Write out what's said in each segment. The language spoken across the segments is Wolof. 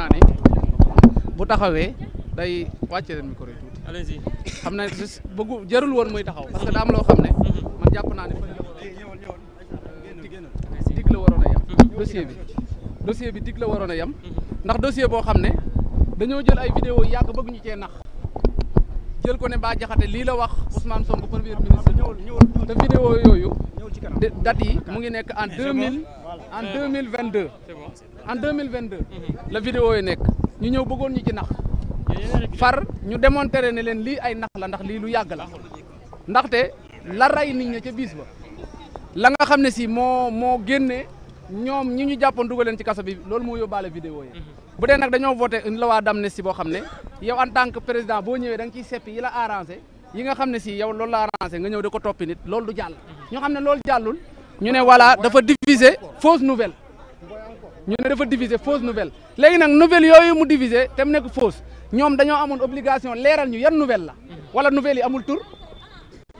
naa ne bu taxawee day wàcce leen micro yi tuuti. xam na juste bëggu jarul woon muy taxaw parce que daa loo xam ne man jàpp naa ne dig la waroon a yem dossier bi dossier bi dig la waroon a yem ndax dossier boo xam ne dañoo jël ay vidéo yàgg bëgg ñu cee nax jël ko ne Bah Diakhaté lii la wax Ousmane Sonko premier ministre te vidéo yooyu date yi mu ngi nekk en deux mille en deux mille vingt deux en deux mille vingt deux la vidéo yi nekk ñu ñëw bëggoon ñu ci nax far ñu démontrer ne leen lii ay nax la ndax lii lu yàgg la ndaxte la ray nit ña ca bis ba la nga xam ne si moo moo génne ñoom ñi ñu jàppoon dugal leen ci kaso bi lool moo yóbbaale vidéo yi bu dee nag dañoo voté une loi si boo xam ne yow en tant que président boo ñëwee da nga ciy seppi yi la arrangé yi nga xam ne si yow loolu la arrangé nga ñëw di ko toppi nit loolu du jàll ñu xam ne loolu jàllul ñu ne voilà dafa diviser fausse nouvelle ñu ne dafa diviser fausse nouvelle léegi nag nouvelle yooyu mu diviser te mu nekk fausse ñoom dañoo amoon obligation leeral ñu yan nouvelle la wala nouvelle yi amul tur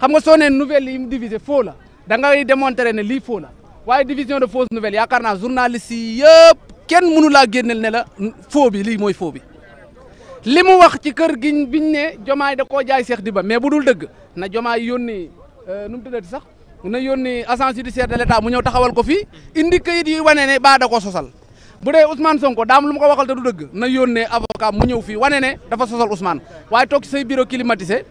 xam nga soo nee yi mu diviser faux la da ngay démontrer lii faux la waaye division de fausse nouvelle yaakaar naa journaliste yi yëpp kenn mënu laa génneel ne la faux bi lii mooy faux bi li mu wax ci kër gi biñ ne jomaay da koo jaay Cheikh Diba mais bu dul dëgg na jomaay yónni euh, nu mu sax na yónni agence judiciaire de l'état mu ñëw taxawal ko fii indi kayit yuy wane ne baa da ko sosal bu dee Ousmane Sonko daam lu mu ko waxal te du dëgg na yónnee avocat mu ñëw fii wane ne dafa sosal Ousmane waaye toog ci say bureau climatisé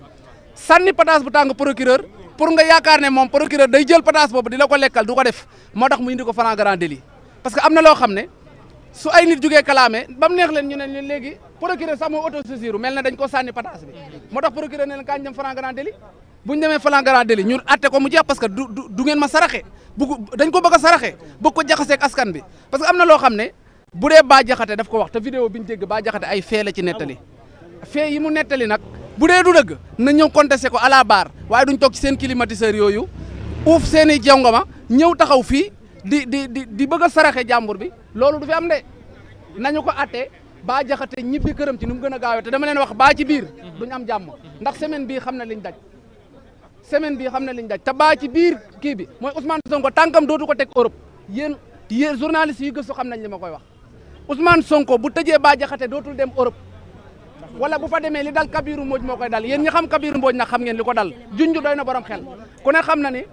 sànni pataas bu tàng procureur pour nga yaakaar ne moom procureur day jël pataas boobu di la ko lekkal du ko def moo tax mu indi ko franc grand délit parce que am na loo xam ne su ay nit jugee kalaame ba mu leen ñu ne léegi procureur sax mooy auto saisir mel na dañ ko sànni pataas bi moo tax procureur ne leen kañ dem bu ñu demee flagrant délit ñun atte ko mu jeex parce que du du ngeen ma saraxe bugg dañ ko bëgg a saraxe bëgg ko jaxaseeg askan bi parce que am na loo xam ne bu dee Bah Diakhaté daf ko wax te vidéo bi ñu dégg Bah ay fee la ci nettali fee yi mu nettali nag bu dee du dëgg na ñëw contesté ko à la barre waaye duñ toog ci seen climatiseur yooyu uuf seen i jongoma ñëw taxaw fii di di di di bëgg a saraxe jàmbur bi loolu du fi am de ñu ko atte Bah Diakhaté ñibbi këram ci nu mu gën a gaawee te dama leen wax baa ci biir duñ am jàmm ndax semaine bii xam na liñ daj semaine bi xam na liñ daj te baa ci biir kii bi mooy Ousmane Sonko tànkam dootu ko teg Europe yéen yéen journaliste yi gëstu xam nañ li ma koy wax Ousmane Sonko bu tëjee Bah Diakhaté dootul dem Europe wala bu fa demee li dal Kabiru mooj moo koy dal yéen ñi xam Kabiru Mbodj na xam ngeen li ko dal junj doy na borom xel ku ne xam na ni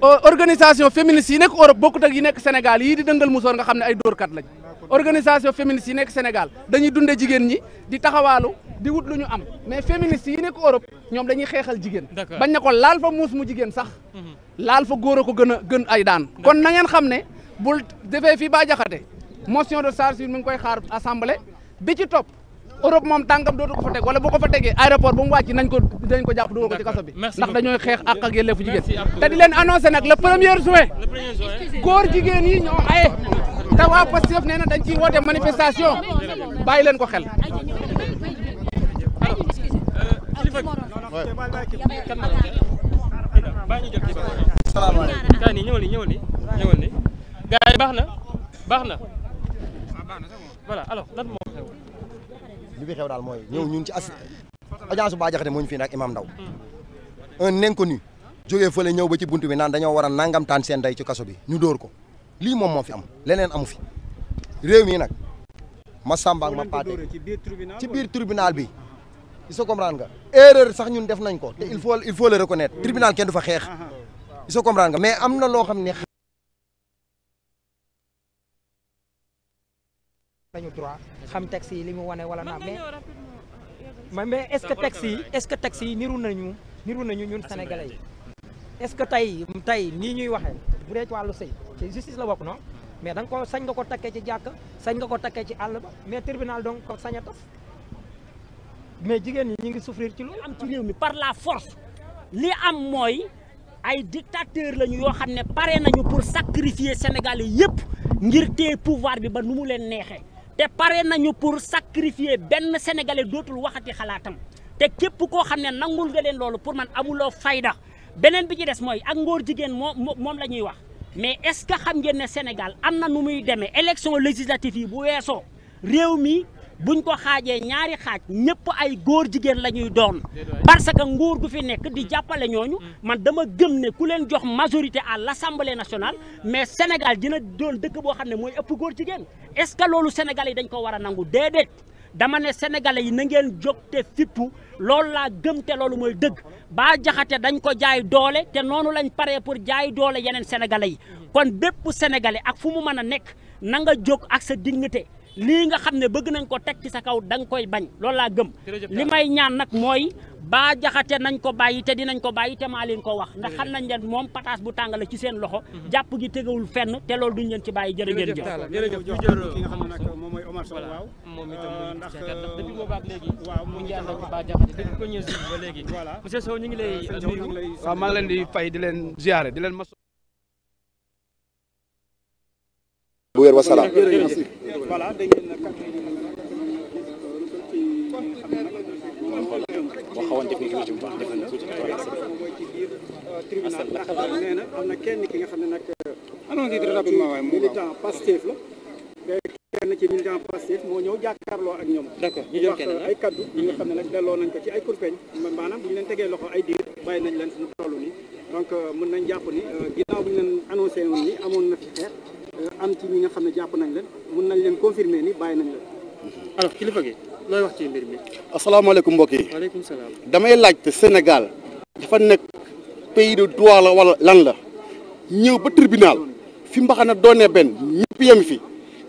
organisation féministe yi nekk Europe bokkut ak yi nekk senegal yii di dëngal musoor nga xam ne ay dóorkat lañ organisation féministe yi nekk Sénégal dañuy dunde jigéen ñi di taxawaalu di wut lu ñu am mais féministes yi nekk Europe ñoom dañuy xeexal jigéen bañ na ko laal fa muus mu jigéen sax mhm. laal fa góor ko gën a gën ay daan kon na ngeen xam ne bul defee fii ba jaxate motion de censure mi ngi koy xaar assemblée bi ci topp Europe moom tànkam dootu ko fa teg wala boo ko fa tegee aéroport ba mu wàcc nañ ko dañ ko jàpp dugal ko ci kaso bi ndax dañooy xeex ak ak jigéen te di leen annoncé nag le premier juin góor jigéen yi dañ ciy woote manifestation leen ko xel salaamaaleykum gaa nii ñëwal nii ñëwal nii ñëwal nii gaa baax na baax na voilà alors lan moo xew li fi xew daal mooy ñëw ñun ci as agence Bah Diakhaté fii nag Imam Ndaw un inconnu fële ñëw ba ci buntu bi naan dañoo war a nangam taan seen day ci kaso bi ñu dóor ko lii moom moo fi am leneen amu fi réew mi nag ma sàmba ak ma paate ci biir tribunal bi soo comprendre nga erreur sax ñun def nañ ko te il faut il faut le reconnaître tribunal kenn du fa xeex il soo comprendre nga mais am na loo xam ne nañu droit xam taxi yi li mu wane wala naa mais mais est-ce que taxi yi est-ce que taxi yi niru nañu niru nañu ñun sénégalais yi est-ce que tey tey nii ñuy waxee bu dee ci wàllu sëy ci justice la bokk non mais da ko sañ nga ko takkee ci jàkk sañ nga ko takkee ci àll mais tribunal donc ko sañ a tas mais jigéen ñi ñu ngi souffrir ci loolu am ci réew mi par la force li am mooy ay dictateur lañu yoo xam ne pare nañu pour sacrifier Sénégalais yëpp ngir téye pouvoir bi ba nu mu leen neexee te pare nañu pour sacrifier benn Sénégalais dootul waxati xalaatam te képp koo xam ne nangu nga leen loolu pour man amuloo fayda beneen bi ci des mooy ak ngóor jigéen moom moom la ñuy wax mais est-ce que xam ngeen ne Sénégal am na nu muy demee élection législative yi bu weesoo réew mi. bu buñ ko xaajee ñaari xaaj ñëpp ay góor jigéen la ñuy doon parce que nguur gu fi nekk di jàppale ñooñu man dama gëm ne ku leen jox majorité à l' assemblée nationale mais Sénégal dina doon dëkk boo xam ne mooy ëpp góor jigéen est ce que loolu Sénégal yi dañ ko war a nangu déedéet dama ne sénégalais yi na ngeen jóg te fippu loolu laa gëm te loolu mooy dëgg Bah jaxate dañ ko jaay doole te noonu lañ paree pour jaay doole yeneen sénégalais yi kon bépp sénégalais ak fu mu mën a nekk na nga jóg ak sa dignité lii nga xam ne bëgg nañ ko teg ci sa kaw da nga koy bañ loolu laa gëm li may ñaan nag mooy baa jaxate nañ ko bàyyi te dinañ ko bàyyi te maa leen ko wax ndax xam nañ leen moom pataas bu tàngale ci seen loxo mhm. jàpp gi tegawul fenn te loolu duñ leen ci bàyyi jërëjëf jëf jërëjëf ki nga xam ne nag moom mooy Omar Sow waaw moom itam euh, ndax euh, depuis boobaak léegi waaw ngi ànd ak baa jaxate depuis ko ñëw si ba léegi ñu ngi lay maa leen di fay di leen ziare di leen bu wér wa salaam. tribunal ndax nee na am na kenn ki nga xam ne nag militant Pastef la kenn ci militant Pastef moo ñëw jàkkaarloo ak ñoom wax ay kaddu yi nga xam ne nag delloo nañ ko ci ay kurpeñ maanaam bu ñu leen tegee loxo ay diir bàyyi nañ leen suñu toll nii donc euh, mën nañ jàpp ni euh, ginnaaw bi ñu leen annoncé amoon na fi xeex Euh, am ci ñi nga xam ne jàpp nañ leen mun nañ leen confirmer ni bàyyi nañ leen. alors gi looy wax ci mbir mi. asalaamaaleykum mbokk yi. waaleykum salaam. damay laajte Sénégal. dafa nekk pays de droit la wala lan la. ñëw ba tribunal. fi mbaxana doonee benn ñëpp yem fi.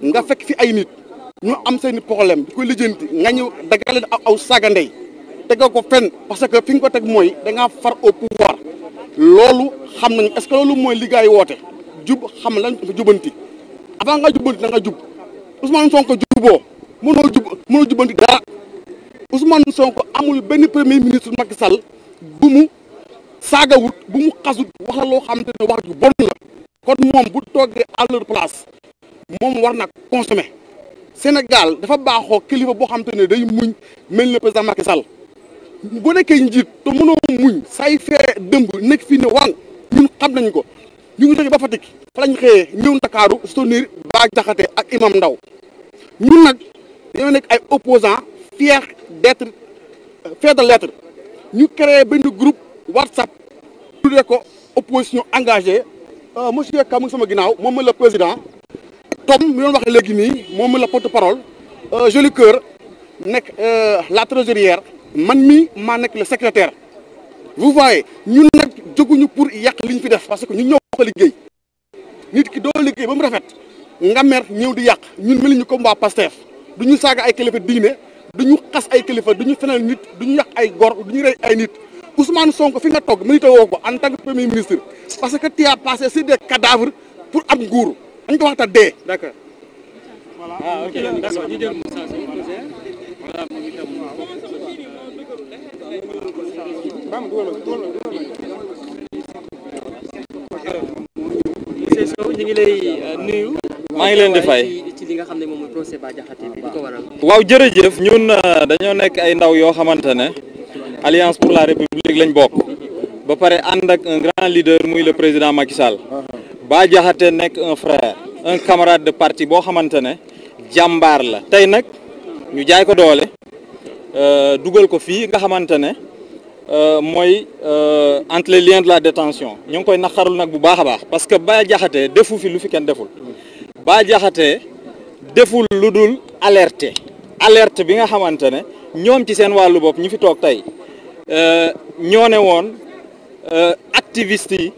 nga fekk fi ay nit. ñu am seen i problème di ko lijjanti nga ñëw dagaleen aw saagandey. tegoo ko fenn parce que fi nga ko teg mooy da ngaa far au pouvoir. loolu xam nañ est ce loolu mooy liggéey woote. jub xam lan jubanti avant nga jubanti da nga jub Ousmane sonk juboo mënoo jub mënoo jubanti dara Ousmane sonk amul benn premier ministre Macky sal bu mu saagawut bu mu xasut wax la loo xamante ne wax ju bon la kon moom bu toggee à leur place moom war nag consommer Sénégal dafa baaxoo kilifa boo xamante ne day muñ mel ne président Macky Sall bu nekkee njiit te mënoo muñ say fee dëmb nekk fii ne wàll ñun xam nañ ko ñu ngi jóge ba Fatick fa lañ xëyee ñëw Ndakaaru soutenir Bah Diakhaté ak Imam ndaw ñun nag dañoo nekk ay opposants fiers d'être euh, fiers de l'être ñu créer benn groupe WhatsApp tuddee ko opposition engagée euh, monsieur Ka mu sama ginnaaw moom ma la président Tom mi doon waxee léegi nii moom ma la porte parole euh, Joli Cœur nekk la trésorière man mi maa nekk le secrétaire vous voyez ñun nag jóguñu pour yàq ñu fi def parce que ñu ñëw ko liggéey nit ki doo liggéey ba mu rafet nga mer ñëw di yàq ñun mel ñu comme waa Pastef du ñu saaga ay kilifa diine du ñu xas ay kilifa du ñu fenal nit du ñu yàq ay gor du ñu rey ay nit Ousmane Sonko fi nga toog milité woo ko en tant que premier ministre parce que tu as passé pour am nguur dañ ko waxta dee. d'accord voilà ah ok ngi lay euh, nuyu. maa ngi leen di fay nga xam ne moom mooy procès Bah waaw jërëjëf ñun euh, dañoo nekk ay ndaw yoo xamante ne alliance pour la république lañ bokk ba pare ànd ak un grand leader muy le président Macky Sall. Bah Diakhaté nekk un frère un camarade de partie boo xamante ne jàmbaar la tey nag ñu jaay ko doole euh, dugal ko fii nga xamante Euh, mooy euh, entre les liens de la détention ñu ngi koy naqarul nag bu baax a baax parce que baa jaxatee defu fi lu fi kenn deful baa Diakhaté deful lu dul alerte alerte bi nga xamante ne ñoom ci seen wàllu bopp ñu fi toog tey euh, ñoo ne woon activistes yi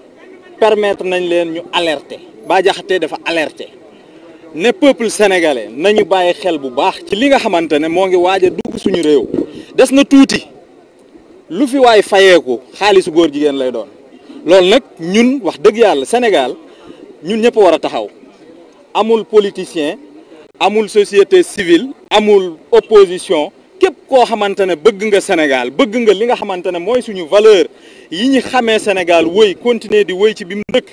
permettre nañ leen ñu alerter Bah Diakhaté dafa alerte ne peuple sénégalais nañu bàyyi xel bu baax ci li nga xamante ne moo ngi waaja a dugg suñu réew des na tuuti lu fi waay fayeeku xaalisu góor jigéen lay doon loolu nag ñun wax dëgg yàlla Sénégal ñun ñëpp war a taxaw amul politisien amul société civile amul opposition képp koo xamante ne bëgg nga Sénégal bëgg nga li nga xamante ne mooy suñu valeur yi ñu xamee Sénégal wëy continuer di wëy ci bi mu dëkk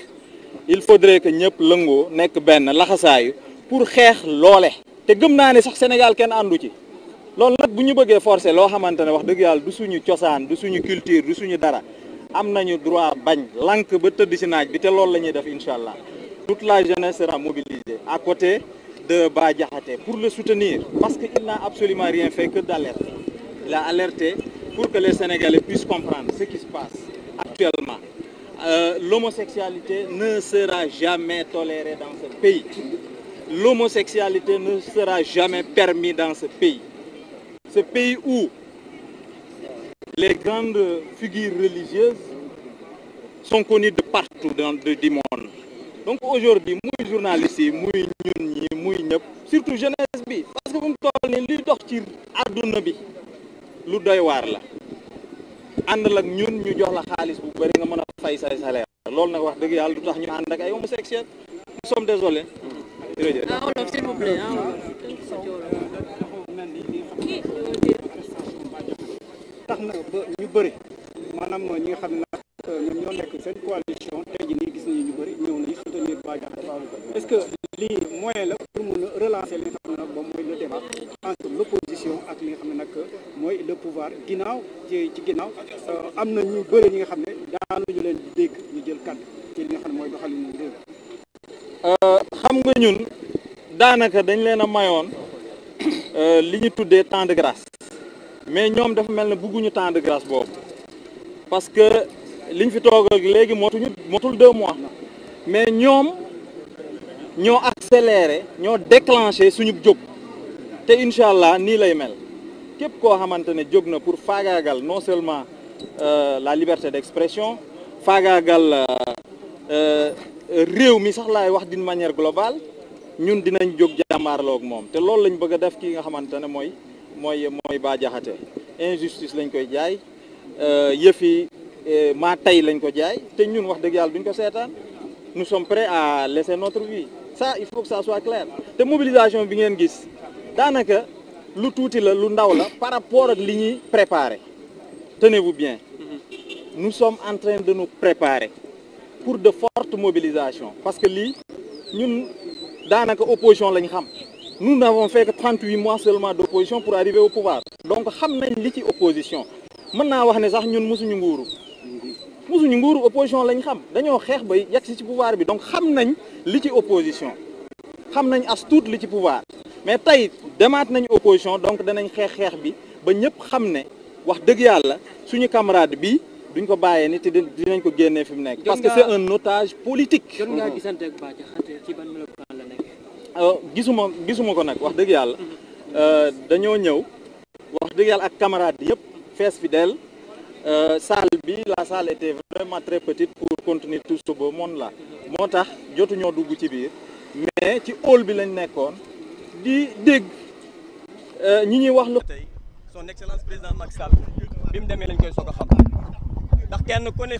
il faudrait que ñëpp lëngoo nekk benn laxasaayu pour xeex loole te gëm naa ne sax Sénégal kenn àndu ci lool nag bu ñu bëggee forcé loo xamante ne wax dëgg yàlla du suñu cosaan du suñu culture du suñu dara am nañu droit bañ lank ba tëdd ci naaj bi te loolu la ñuy def incha allah toute la jeunesse sera mobilisée à côté de Bah pour le soutenir parce que il n'a absolument rien fait que d'alerter il a alerté pour que les Sénégalais puissent comprendre ce qui se passe actuellement euh, l'homosexualité ne sera jamais tolérée dans ce pays l'homosexualité ne sera jamais permise dans ce ce pays où les grandes figures religieuses sont connues de partout dans le du monde donc aujourd'hui muy journaliste yi muy ñun ñi muy ñëpp surtout jeunesse bi parce que bu mu toll nii luy dox ci àdduna bi lu doy waar la àndal ak ñun ñu jox la xaalis bu bëri nga mën a fay say salaire loolu nag wax dëgg yàlla du tax ñu ànd ak ay homosexuels nous sommes désolés jërëjëf ah, tax na ba ñu bëri maanaam ñi nga xam ne nag euh, ñoom ñoo nekk seen coalition tey ji nii gis nañu ñu bëri ñëw nañu soutenir Bah Diakhaté est-ce que lii moyen la pour mun a relancer li nga xam ne nag ba mooy le débat entre l'opposition ak li nga xam ne nag mooy le pouvoir ginnaaw ci ci ginnaaw euh, am na ñu bëri li nga xam ne daanuñu leen dégg ñu jël kàddu ci li nga xam ne mooy doxalin réew euh, xam nga ñun daanaka dañ leen a mayoon Euh, li ñu tuddee temps de grâce mais ñoom dafa mel ne bugguñu temps de grâce boobu parce que liñ fi toog ak léegi motuñu motul deux mois mais ñoom ñoo accéléré ñoo déclenché suñu jóg te incha allah nii lay mel képp koo xamante ne jóg na pour faagaagal non seulement euh, la liberté d'expression faagaagal euh, réew mi sax laay wax d'une manière globale ñun dinañ jóg jàmmaarloog moom te lool lañ bëgg a def ki nga xamante ne mooy mooy mooy Bah Diakhaté injustice lañ koy jaay euh, yëf yi euh, maa tey lañ ko jaay te ñun wax dëgg yàlla duñ ko seetaan nous sommes prêts à laisser notre vie ça il faut que ça soit clair te mobilisation bi ngeen gis daanaka lu tuuti la lu ndaw la par rapport ak li ñuy préparer tenez-vous bien nous sommes en train de nu préparer pour de fortes mobilisations parce que lii ñun daanaka opposition lañ xam nous n'avons fait que trente-huit mois seulement d'opposition pour arriver au pouvoir donc xam nañ li ci opposition mën naa wax ne sax ñun mosuñu nguuru mosuñu nguuru opposition lañ xam dañoo xeex ba yegg si ci pouvoir bi donc xam nañ li ci opposition xam nañ as tuut li ci pouvoir mais tey demaat nañ opposition donc danañ xeex xeex bi ba ñëpp xam ne wax dëgg yàlla suñu camarade bi duñ ko bàyyee ni te dinañ ko génnee fi mu nekk. parce que c'est un otage Euh, gisuma gisuma ko nag wax dëgg yàlla euh, dañoo ñëw wax dëgg yàlla ak camarades yëpp fees fi del euh, salle bi la salle était vraiment très petite pour contenir tout ce beau monde là moo tax jotuñoo dugg ci biir mais ci hall bi lañ nekkoon di dégg ñi ñuy wax lu tey son excellence président Macky Sall bi mu demee lañ koy soog a xam ndax kenn ku